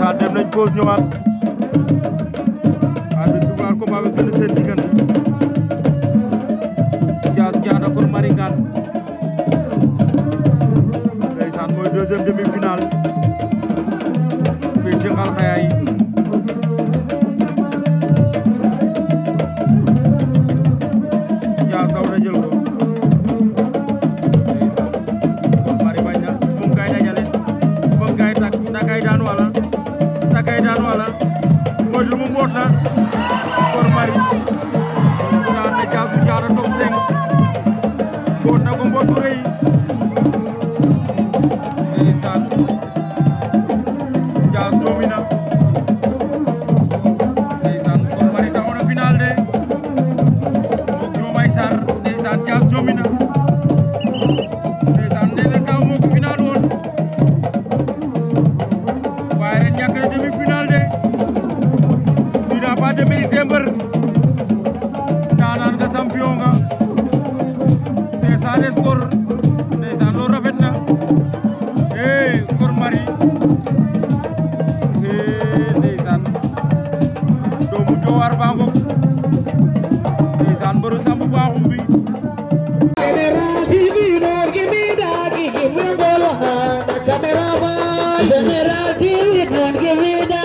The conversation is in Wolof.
ndeysaan dem nañ pause ñëwaat ar bi subaar combat bi gën a seen diggante Diaz Diana Coor Maringane mooy deuxième demi-finale fii ci Xalxaya yi Diaz saw na jël ko ndeysaan moom mari bañ na moom kay daan wàll ngoon na Ngor Mari daan na Thiatou Ndiara Top 5 ngoon na ko ngoon bu rëy ndeysaan Ndiass doomi na ndeysaan Ngor Mari taxaw na final de moog Diomaye Sarr ndeysaan Ndiass doomi na ndeysaan ndee leen daaw moo ko final woon waaye ren ñàkk na demi final combat de mérite mbër daanaan nga champion nga c'est ça les scores ndeysaan loolu rafet na eh Ngor Marie eh ndeysaan doomu Jowaar baa ngoog ndeysaan mbëru sambu baaxum bi General TV, don't give me that.